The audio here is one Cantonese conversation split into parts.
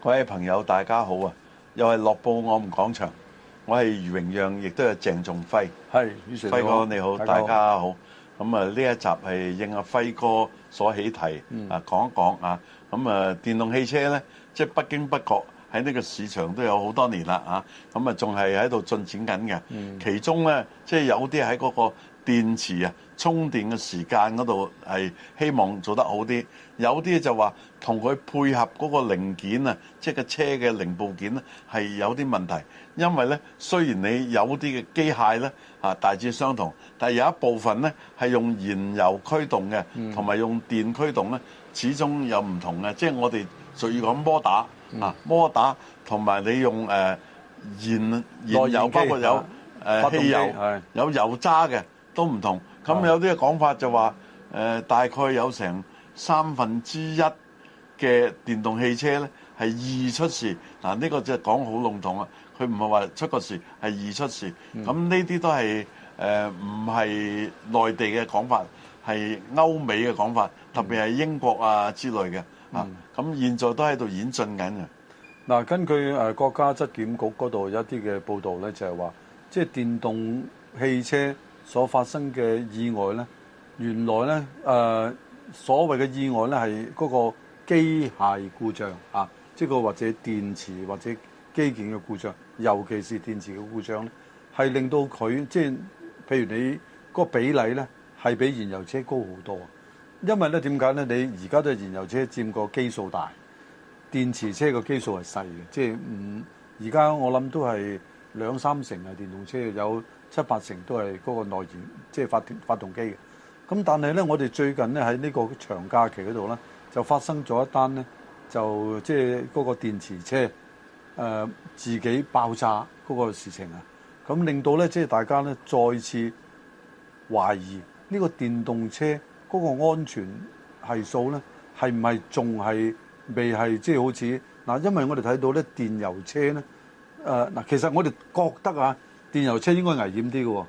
各位朋友，大家好啊！又係《樂報我唔講場，我係余榮讓，亦都係鄭仲輝。係輝哥你好，大家好。咁啊，呢一集係應阿輝哥所起題，啊、嗯、講一講啊。咁、嗯、啊，電動汽車咧，即係不經不覺喺呢個市場都有好多年啦啊！咁啊，仲係喺度進展緊嘅。其中咧，即係有啲喺嗰個。電池啊，充電嘅時間嗰度係希望做得好啲。有啲就話同佢配合嗰個零件啊，即係個車嘅零部件咧係有啲問題。因為咧，雖然你有啲嘅機械咧啊大致相同，但係有一部分咧係用燃油驅動嘅，同、嗯、埋用電驅動咧，始終有唔同嘅。即係我哋就要講摩打、嗯、啊，摩打同埋你用誒、呃、燃燃油包括有誒汽、啊啊、油、係有油渣嘅。都唔同。咁，有啲嘅講法就話、啊呃、大概有成三分之一嘅電動汽車咧係易出事嗱。呢、啊呢個就講好籠統啊，佢唔係話出個事係易出事咁，呢啲都係唔係內地嘅講法，係歐美嘅講法，特別係英國啊之類嘅啊。咁、嗯啊、現在都喺度演進緊嘅嗱。根據國家質檢局嗰度有一啲嘅報道咧，就係話即係電動汽車。所發生嘅意外呢，原來呢、呃，誒所謂嘅意外呢，係嗰個機械故障啊，即係個或者電池或者機件嘅故障，尤其是電池嘅故障呢係令到佢即係譬如你個比例呢，係比燃油車高好多，因為呢點解呢？你而家都燃油車佔個基數大，電池車個基數係細嘅，即係唔而家我諗都係兩三成係電動車有。七八成都係嗰個內燃即係發動發動機嘅，咁但係咧，我哋最近咧喺呢個長假期嗰度咧，就發生咗一單咧，就即係嗰個電池車誒自己爆炸嗰個事情啊，咁令到咧即係大家咧再次懷疑呢個電動車嗰個安全係數咧係唔係仲係未係即係好似嗱，因為我哋睇到咧電油車咧誒嗱，其實我哋覺得啊。電油車應該危險啲嘅，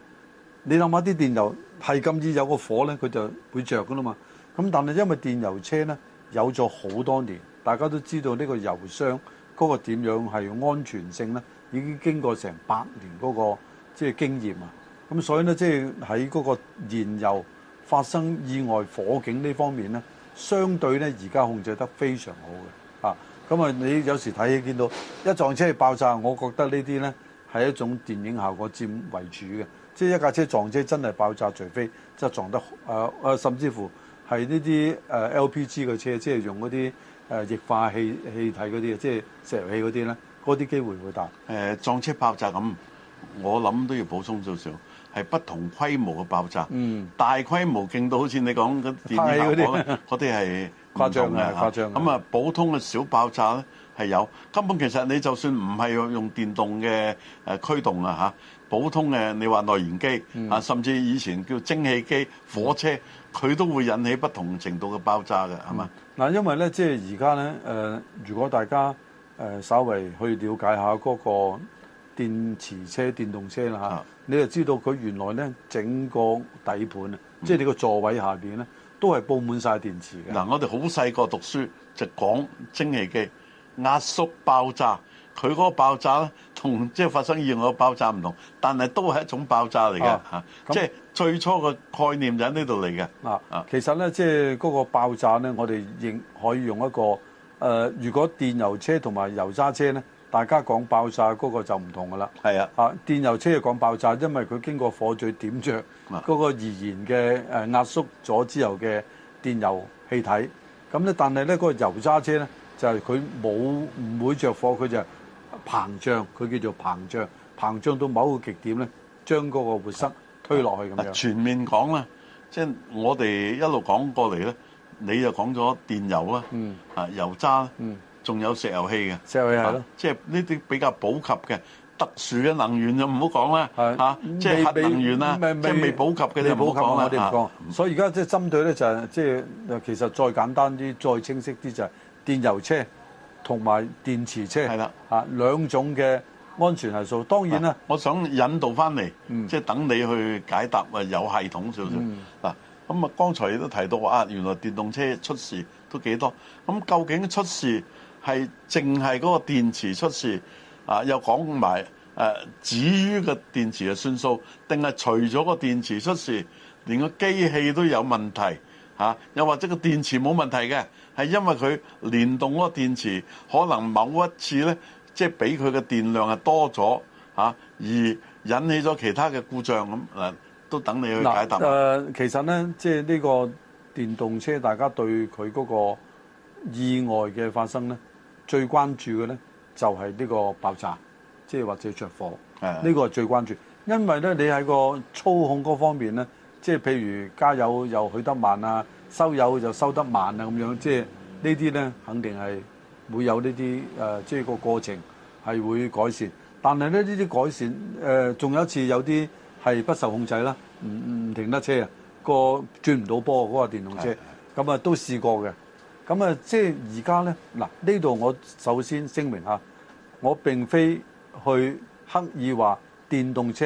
你諗下啲電油係咁易有個火呢，佢就會着㗎啦嘛。咁但係因為電油車呢，有咗好多年，大家都知道呢個油箱嗰個點樣係安全性呢，已經經過成百年嗰個即係經驗啊。咁所以呢，即係喺嗰個燃油發生意外火警呢方面呢，相對呢而家控制得非常好嘅。啊，咁啊，你有時睇見到一撞車爆炸，我覺得呢啲呢。係一種電影效果佔為主嘅，即係一架車撞車真係爆炸，除非即係撞得誒誒，甚至乎係呢啲誒 LPG 嘅車，即係用嗰啲誒液化氣氣體嗰啲，即係石油氣嗰啲咧，嗰啲機會會大。誒撞車爆炸咁，我諗都要補充少少，係不同規模嘅爆炸。嗯。大規模勁到好似你講嘅電影效果，嗰啲係誇張嘅嚇。咁啊，普通嘅小爆炸咧。係有，根本其實你就算唔係用電動嘅誒驅動啊嚇，普通嘅你話內燃機啊，甚至以前叫蒸汽機、火車，佢都會引起不同程度嘅爆炸嘅，係、嗯、嘛？嗱、嗯，因為咧，即係而家咧，誒、呃，如果大家誒稍微去了解下嗰個電池車、電動車啦嚇、啊，你就知道佢原來咧整個底盤、嗯，即係你個座位下邊咧，都係佈滿晒電池嘅。嗱、嗯，我哋好細個讀書就講蒸汽機。壓縮爆炸，佢嗰個爆炸咧，同即係發生意外嘅爆炸唔同，但係都係一種爆炸嚟嘅嚇，即、啊、係、啊就是、最初嘅概念就喺呢度嚟嘅。嗱、啊啊，其實咧，即係嗰個爆炸咧，我哋認可以用一個誒、呃，如果電油車同埋油渣車咧，大家講爆炸嗰個就唔同噶啦。係啊，啊電油車講爆炸，因為佢經過火嘴點着嗰個燃嘅誒壓縮咗之後嘅電油氣體，咁咧，但係咧嗰個油渣車咧。就係佢冇唔會著火，佢就膨脹，佢叫做膨脹，膨脹到某個極點咧，將嗰個活塞推落去咁樣，全面講呢，即、就、係、是、我哋一路講過嚟咧，你就講咗電油啦，啊、嗯、油渣，啦、嗯、仲有石油氣嘅石油氣咯、啊，即係呢啲比較普及嘅特殊嘅能源就唔好講啦，即係、啊就是、核能源啦，即係未普及嘅咧，唔好講啦，唔、就是、所以而家即係針對咧，就係即係其實再簡單啲、再清晰啲就係、是。電油車同埋電池車係啦，嚇兩種嘅安全係數。當然啦，我想引導翻嚟，即係等你去解答啊，有系統少少嗱。咁啊，剛才亦都提到話，原來電動車出事都幾多。咁究竟出事係淨係嗰個電池出事啊？又講埋誒，至於個電池就算數，定係除咗個電池出事，連個機器都有問題嚇？又或者個電池冇問題嘅？係因為佢連動嗰個電池，可能某一次咧，即係俾佢嘅電量係多咗嚇、啊，而引起咗其他嘅故障咁，嗱、啊、都等你去解答啊。其實咧，即係呢個電動車，大家對佢嗰個意外嘅發生咧，最關注嘅咧，就係、係、呢個爆炸，即係或者着火，呢個係最關注。因為咧，你喺個操控嗰方面咧，即係譬如加油又去得慢啊。收油就收得慢啊，咁樣即係呢啲咧，肯定係會有呢啲誒，即係個過程係會改善。但係咧，呢啲改善誒，仲有一次有啲係不受控制啦，唔唔停得車啊，個轉唔到波嗰個電動車，咁啊都試過嘅。咁啊，即係而家咧，嗱呢度我首先聲明下，我並非去刻意話電動車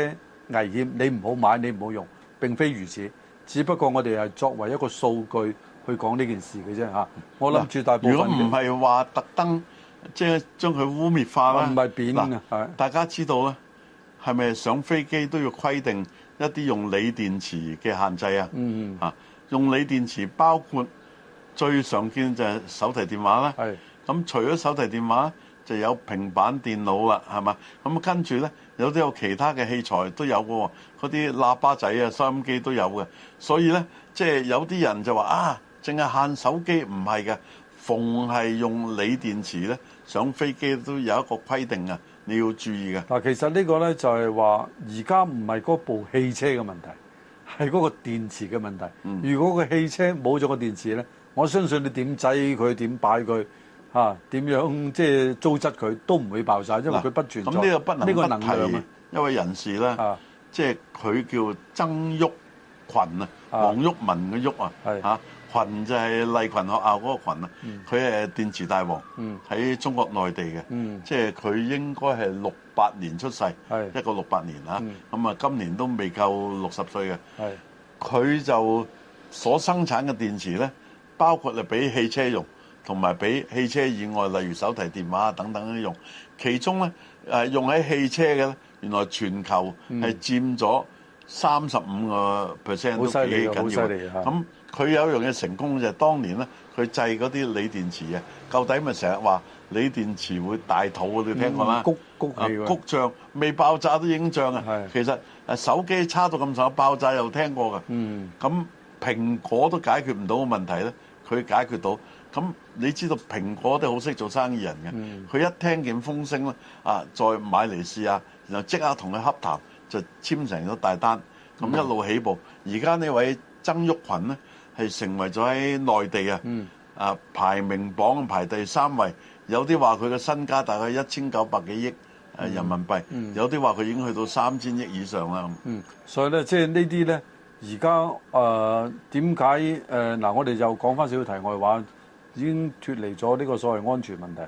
危險，你唔好買，你唔好用，並非如此。只不過我哋係作為一個數據去講呢件事嘅啫嚇，我諗住大部分如果唔係話特登即係將佢污蔑化啦，唔係扁啊！大家知道咧，係咪上飛機都要規定一啲用鋰電池嘅限制啊？嗯嗯啊，用鋰電池包括最常見就係手提電話啦。係咁，除咗手提電話，就有平板電腦啦，係嘛？咁跟住呢，有啲有其他嘅器材都有嘅喎、哦，嗰啲喇叭仔啊、收音機都有嘅。所以呢，即係有啲人就話啊，淨係限手機唔係嘅，逢係用鋰電池呢，上飛機都有一個規定嘅，你要注意嘅。嗱，其實呢個呢，就係話，而家唔係嗰部汽車嘅問題，係嗰個電池嘅問題。如果個汽車冇咗個電池呢、嗯，我相信你點製佢，點擺佢？啊，點樣即係糟質佢都唔會爆曬，因為佢不存在。咁呢個不能不提一位人士咧，即係佢叫曾旭群啊，黃旭文嘅旭啊，嚇，群就係麗群學校嗰個群啊。佢係電池大王，喺中國內地嘅，即係佢應該係六八年出世，一個六八年啊。咁啊，今年都未夠六十歲嘅。佢就所生產嘅電池咧，包括係俾汽車用。同埋俾汽車以外，例如手提電話等等用，其中咧用喺汽車嘅咧，原來全球係佔咗三十五個 percent 都幾緊要。咁佢有一樣嘢成功就係當年咧，佢製嗰啲鋰電池啊，舊底咪成日話鋰電池會大肚，你聽過嗎、嗯？谷谷氣谷漲未爆炸都影像啊！其實手機差到咁曬，爆炸又聽過噶。咁、嗯、蘋果都解決唔到嘅問題咧，佢解決到咁。你知道蘋果都好識做生意人嘅，佢、嗯、一聽見風聲咧，啊，再買嚟試一下，然後即刻同佢洽談，就簽成咗大單，咁一路起步。而家呢位曾毓群呢，係成為咗喺內地、嗯、啊，啊排名榜排第三位，有啲話佢嘅身家大概一千九百幾億誒人民幣，嗯嗯、有啲話佢已經去到三千億以上啦。嗯，所以咧，即係呢啲呢，而家誒點解誒嗱？我哋又講翻少少題外話。已經脱離咗呢個所謂安全問題。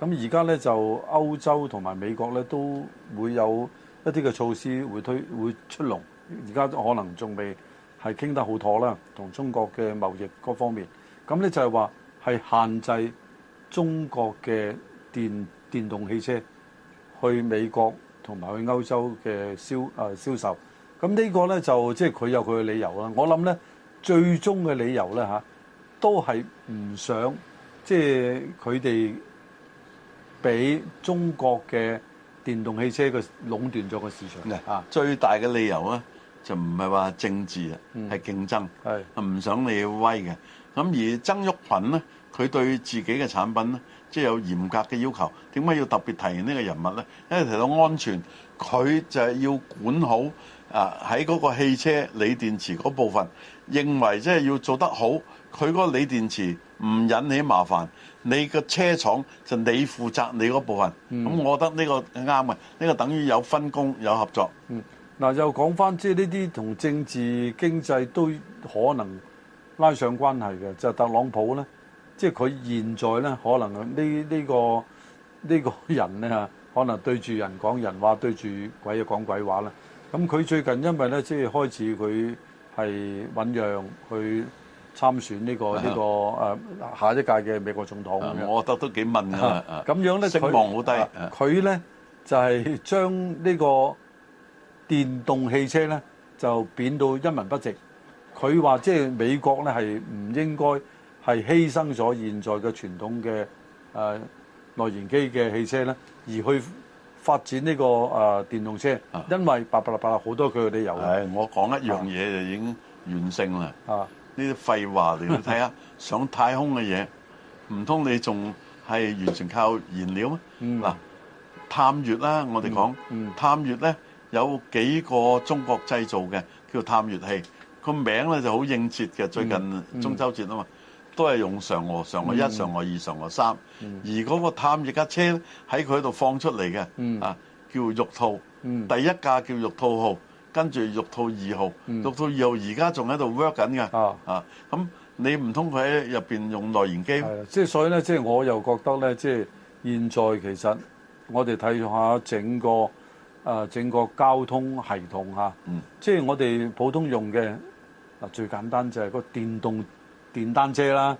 咁而家呢，就歐洲同埋美國呢，都會有一啲嘅措施會推會出籠。而家可能仲未係傾得好妥啦，同中國嘅貿易各方面。咁呢，就係話係限制中國嘅電電動汽車去美國同埋去歐洲嘅銷啊銷售。咁呢個呢，就即係佢有佢嘅理由啦。我諗呢，最終嘅理由呢。嚇。都係唔想，即係佢哋俾中國嘅電動汽車嘅壟斷咗個市場。啊，最大嘅理由咧就唔係話政治啊，係、嗯、競爭，係唔想你威嘅。咁而曾毓群咧，佢對自己嘅產品咧，即係有嚴格嘅要求。點解要特別提呢個人物咧？因為提到安全，佢就係要管好。啊！喺嗰個汽車鋰電池嗰部分，認為即係要做得好，佢嗰個鋰電池唔引起麻煩，你個車廠就你負責你嗰部分。咁、嗯、我覺得呢個啱啊，呢個等於有分工有合作。嗯，嗱又講翻即係呢啲同政治經濟都可能拉上關係嘅，就係、特朗普呢，即係佢現在呢，可能呢、呢、呢個呢、呢個人呢，可能對住人講人話，對住鬼又講鬼話啦。咁佢最近因為咧，即係開始佢係醞釀去參選呢個呢個、啊、下一屆嘅美國總統。我覺得都幾問，啊咁樣咧，希望好低。佢咧、啊、就係將呢個電動汽車咧就貶到一文不值。佢話，即係美國咧係唔應該係犧牲咗現在嘅傳統嘅誒內燃機嘅汽車咧而去。發展呢個誒電動車，因為白筆啦，白筆啦，好多佢哋嘅理由。係我講一樣嘢就已經完成啦。啊，呢啲廢話嚟，睇下上太空嘅嘢，唔通你仲係完全靠燃料咩？嗱，探月啦，我哋講探月咧，有幾個中國製造嘅叫探月器，個名咧就好應節嘅，最近中秋節啊嘛。都係用嫦娥、嫦娥一、嫦、嗯、娥二、嫦娥三，嗯、而嗰個探月架車喺佢喺度放出嚟嘅、嗯，啊叫玉兔、嗯，第一架叫玉兔號，跟住玉兔二號，嗯、玉兔二號而家仲喺度 work 緊嘅，啊咁、啊、你唔通佢喺入邊用內燃機？即係所以咧，即、就、係、是、我又覺得咧，即、就、係、是、現在其實我哋睇下整個啊、呃、整個交通系統吓，即、嗯、係、就是、我哋普通用嘅嗱最簡單就係個電動。電單車啦，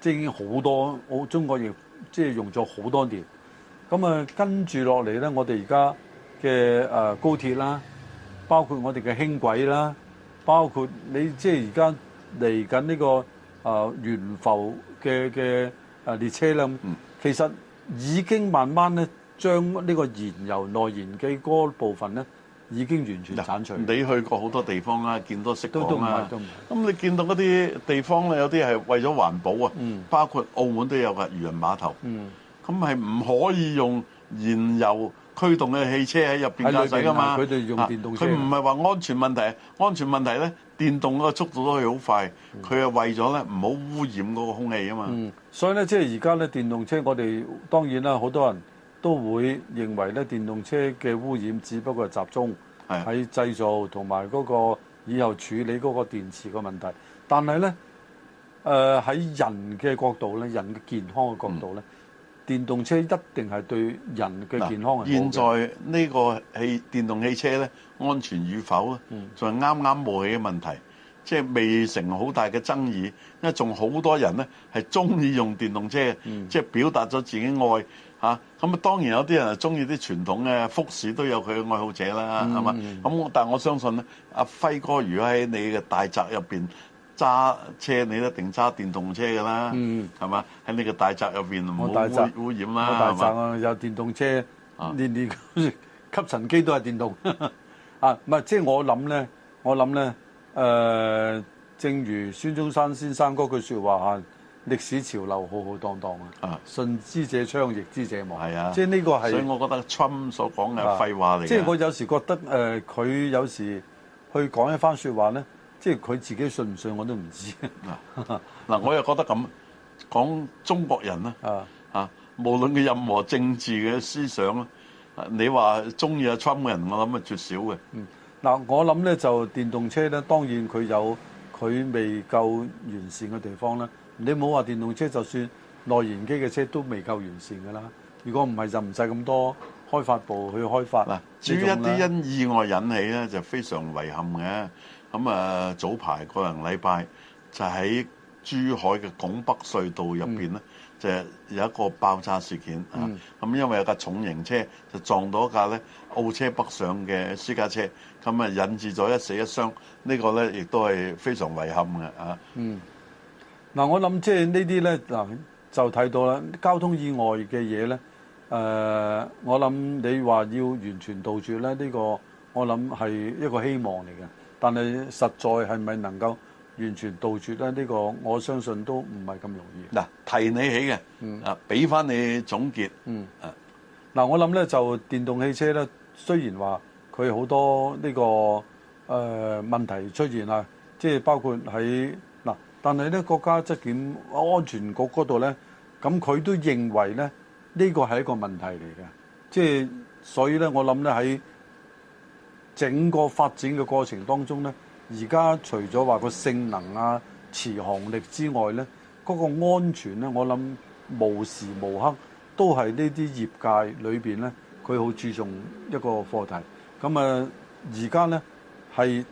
即係已經好多，我中國亦即係用咗好多年。咁啊，跟住落嚟咧，我哋而家嘅誒高鐵啦，包括我哋嘅輕軌啦，包括你即係而家嚟緊呢個誒懸浮嘅嘅誒列車啦。其實已經慢慢咧將呢個燃油內燃機嗰部分咧。已經完全鏟除。你去過好多地方啦、啊，見多識廣。咁你見到嗰啲地方咧，有啲係為咗環保啊、嗯，包括澳門都有嘅漁人碼頭。咁係唔可以用燃油驅動嘅汽車喺入邊駕駛㗎嘛？佢哋用電動車。佢唔係話安全問題，安全問題咧，電動嗰個速度都係好快，佢、嗯、係為咗咧唔好污染嗰個空氣啊嘛、嗯。所以咧，即係而家咧，電動車我哋當然啦，好多人。都會認為咧，電動車嘅污染只不過係集中喺製造同埋嗰個以後處理嗰個電池嘅問題，但係呢。但係咧，誒喺人嘅角度咧，人嘅健康嘅角度咧，嗯、電動車一定係對人嘅健康。現在呢個汽電動汽車咧，安全與否咧，就係啱啱冒起嘅問題，即係未成好大嘅爭議，因為仲好多人咧係中意用電動車、嗯、即係表達咗自己愛。咁啊，當然有啲人啊中意啲傳統嘅福士都有佢嘅愛好者啦，係、嗯、嘛？咁但係我相信咧，阿輝哥如果喺你嘅大宅入邊揸車，你一定揸電動車噶啦，係、嗯、嘛？喺你嘅大宅入邊唔好污染啦，大宅嘛？有電動車，年、啊、年吸塵機都係電動。 啊，唔係，即係我諗咧，我諗咧，誒、呃，正如孫中山先生嗰句説話啊。歷史潮流浩浩蕩蕩啊！啊，信之者昌，逆之者亡。係啊，即係呢個係，所以我覺得 Trump 所講嘅廢話嚟、啊。即係我有時覺得誒，佢、呃、有時去講一番説話咧，即係佢自己信唔信我都唔知道。嗱、啊啊、我又覺得咁講中國人咧啊，啊，無論佢任何政治嘅思想咧，你話中意阿 Trump 嘅人，我諗係絕少嘅。嗯，嗱、啊，我諗咧就電動車咧，當然佢有佢未夠完善嘅地方啦。你唔好話電動車，就算內燃機嘅車都未夠完善噶啦。如果唔係，就唔使咁多開發部去開發啦。至於一啲因意外引起咧，就非常遺憾嘅。咁啊，早排個零禮拜就喺珠海嘅拱北隧道入面咧、嗯，就有一個爆炸事件啊。咁、嗯、因為有架重型車就撞到一架咧澳車北上嘅私家車，咁啊引致咗一死一傷。呢、呢個咧亦都係非常遺憾嘅啊。嗯嗱，我諗即係呢啲呢，嗱就睇到啦。交通意外嘅嘢呢。誒、呃，我諗你話要完全杜絕呢，呢、呢個我諗係一個希望嚟嘅。但係實在係咪能夠完全杜絕呢？呢、呢個我相信都唔係咁容易。嗱，提你起嘅，啊，俾翻你總結，啊，嗱，我諗呢就電動汽車呢，雖然話佢好多呢個誒問題出現啊，即係包括喺但係咧，國家質檢安全局嗰度咧，咁佢都認為咧，呢個係一個問題嚟嘅。即係所以咧，我諗咧喺整個發展嘅過程當中咧，而家除咗話個性能啊、持航力之外咧，嗰個安全咧，我諗無時無刻都係呢啲業界裏邊咧，佢好注重一個課題。咁啊，而家咧係。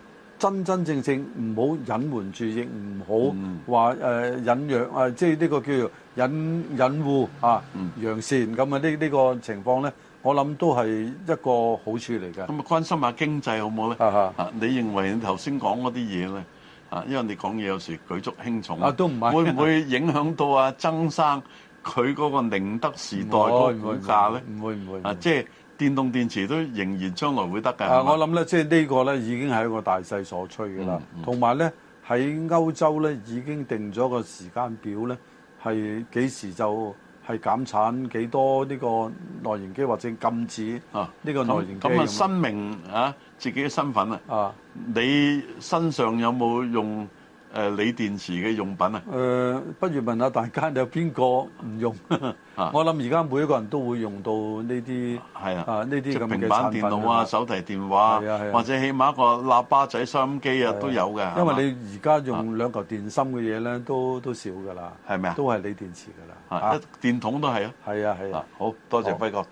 真真正正唔好隱瞞住，亦唔好話誒隱約、嗯呃、啊！即係呢個叫做隱隱護啊，揚、嗯、善咁啊！呢、這、呢、個呢個情況咧，我諗都係一個好處嚟嘅。咁啊，關心下經濟好唔好咧？啊你認為你頭先講嗰啲嘢咧？啊，因為你講嘢有時舉足輕重。啊，都唔會。會唔會影響到啊曾？曾生佢嗰個寧德時代嗰個股價咧？唔、啊、會唔會，會,會啊！即係。電動電池都仍然將來會得㗎，啊，我諗咧，即係呢個咧已經係一個大勢所趨㗎啦。同埋咧，喺、嗯、歐洲咧已經定咗個時間表咧，係幾時就係減產幾多呢個內燃機，或者禁止呢個內燃機咁啊！申明啊，自己嘅身份啊，你、啊啊啊啊、身上有冇用？誒鋰電池嘅用品啊！誒、呃，不如問下大家你有邊個唔用？ 我諗而家每一個人都會用到呢啲係啊，呢啲平板電腦啊，啊，手提電話、啊啊，或者起碼一個喇叭仔收音機啊，啊，都有嘅。因為你而家用兩嚿電芯嘅嘢咧，都都少㗎啦，係咪啊？都係鋰、啊、電池㗎啦、啊啊，一電筒都係啊！係啊係啊，好多謝輝哥。哦